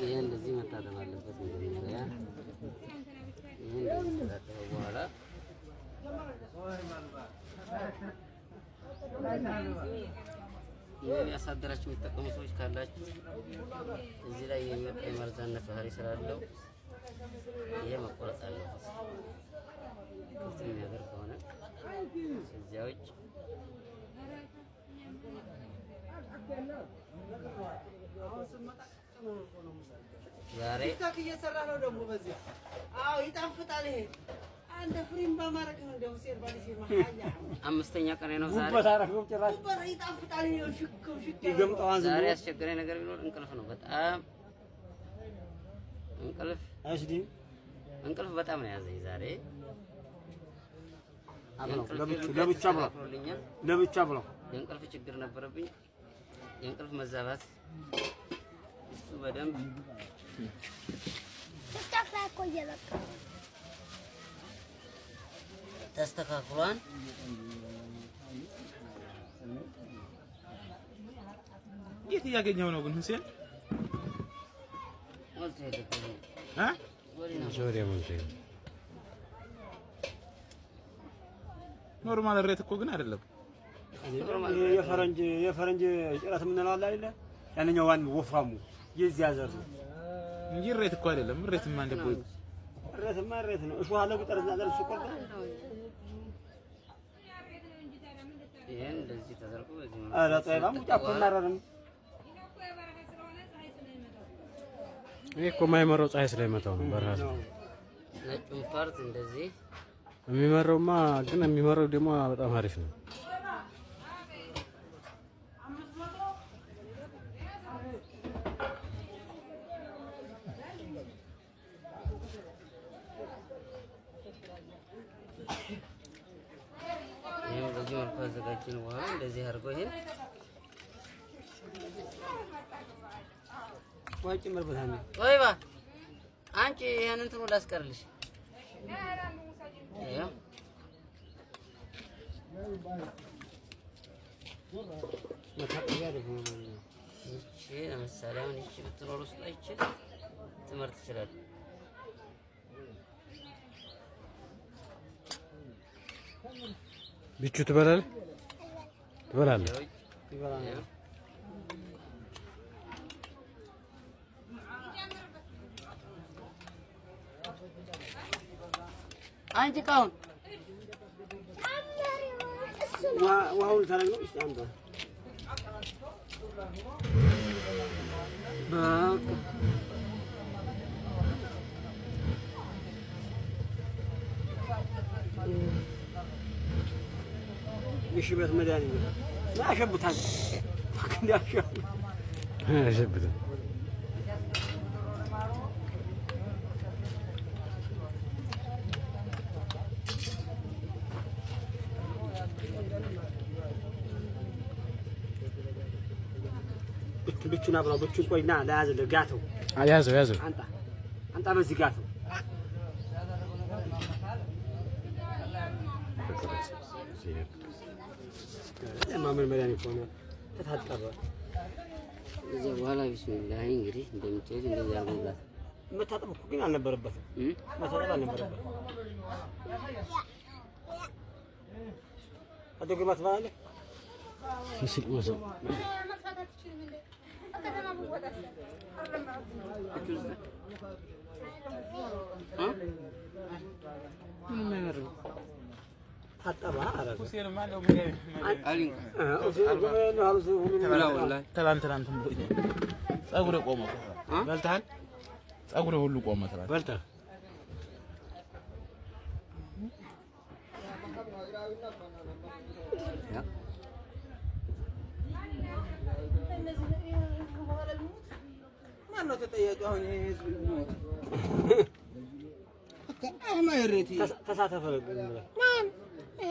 ይሄ እንደዚህ መታጠብ አለበት። ይህን ያሳደራችሁ የሚጠቀሙ ሰዎች ካላችሁ እዚህ ላይ የሚወጣ የመርዛነት ባህሪ ስላለው ይሄ መቆረጥ አለበት። ክፍት የሚያደርግ ከሆነ እዚያ ውጭ ዛሬ እየሰራ ነው ደግሞ በዚያ አዎ፣ ይጣፍጣል ይሄ አምስተኛ ቀን ነው ዛሬ። ዛሬ ያስቸገረኝ ነገር ቢኖር እንቅልፍ ነው። በጣም እንቅልፍ እንቅልፍ በጣም ነው ያዘኝ ዛሬ። ለብቻ ብለው የእንቅልፍ ችግር ነበረብኝ። የእንቅልፍ መዛባት እሱ በደንብ ተስተካክሏል። የት እያገኘው ነው ግን ሁሴን? ኖርማል ሬት እኮ ግን አይደለም። የፈረንጅ የፈረንጅ ጭረት የምንለው አለ አይደለ? ያንኛው ዋን ወፍራሙ የዚያ ዘር ነው እንጂ ሬት እኮ አይደለም። ማን እንደቦይ እሬትማ እሬት ነው። እሾህ አለ ቁጥር እና ዘር ሲቆርጥ የማይመረው ፀሐይ ስለሚመታው ነው። በረሃ ነጩን ፓርት እንደዚህ የሚመረውማ ግን የሚመረው ደግሞ በጣም አሪፍ ነው። መልኩ አዘጋጅን እንደዚህ አድርጎ ይሄን ዋጭ መርበታ ነው ወይ ባ አንቺ ይሄን እንትኑ ላስቀርልሽ። ለምሳሌ አሁን ይቺ ብትኖር ውስጥ አይችል ትምህርት ትችላለህ బిచ్చు తిప్పరాలి తిప్పరాలి ఆయనకి కావు వాహులు తరంగ ఇస్తాను Bak. لشبه مدني ما شبتها لكن يا شبه ما شبتها ብቹ ብቹ ናብራ ብቹ ቆይና ለያዘለ ጋተው ያዘው ያዘው አንጣ አንጣ በዚህ ጋተው Thank you. ለማመን መድኃኒት ሆነ ተታጠበ። እዚያ በኋላ ቢስሚላህ እንግዲህ እንደምትሄድ እንደዚህ አርጎላት መታጠብ እኮ ግን አልነበረበትም። መታጠብ አልነበረበትም። አቶ ግርማ ትባላለህ። ምንም አይመርም ትናንትም ፀጉሬ ቆመ። በልተሃል? ፀጉሬ ሁሉ ቆመ። ተሳተፈ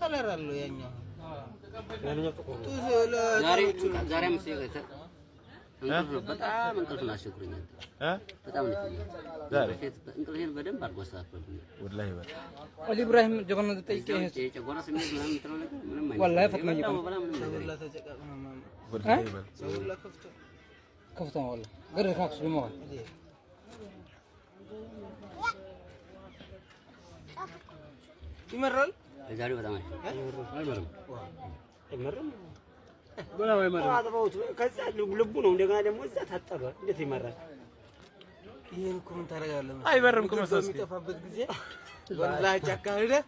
ከለር አለው ያኛው ዛሬ አምስት በጣም እንቅልፍ አስቸግሮኛል። ወላሂ ኢብራሂም ጀጎና ጠይቄ ይመራል የዛሬው በጣም አሪፍ አይመርም፣ አይመርም ከዛ ልቡ ነው እንደገና ደግሞ እዛ ታጠበ። እንዴት ይመራል? ይሄን እኮ ምን ታደርጋለህ? አይመርም ከመሰስ የሚጠፋበት ጊዜ ወላሂ ጫካ ሄደህ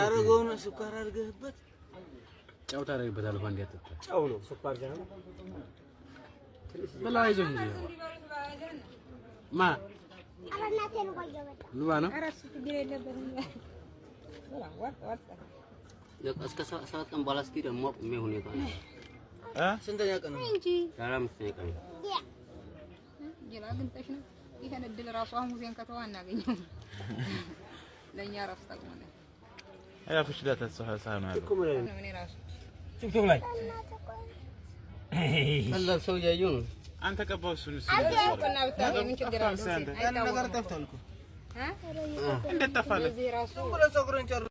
ታደርገውን ስኳር አድርገህበት ጨው ታደርግበታለህ። እንኳን እንዲያጠጣ ጨው ነው ስኳር ዛሬ በላው። አይዞህ እንጂ ማ አላናቴን ቆየበት ልባ ነው እስከ ሰባት ቀን በኋላ እስኪ ደግሞ አቁሜ ሁኔታ ነው። ስንተኛ ቀን ነው እንጂ አምስተኛ ቀን ነው። ይሄን እድል ራሱ አሁን ከተዋ እናገኘው ለእኛ ራሱ ጠቅሞናል። ያ ፍሽ ዳ ተሰሐ ነው ቲክቶክ ላይ ሰው እያየሁ ነው። አንተ ቀባው እሱን እሱን ነገር ጠፍቷል እኮ እንዴት ጠፋለን?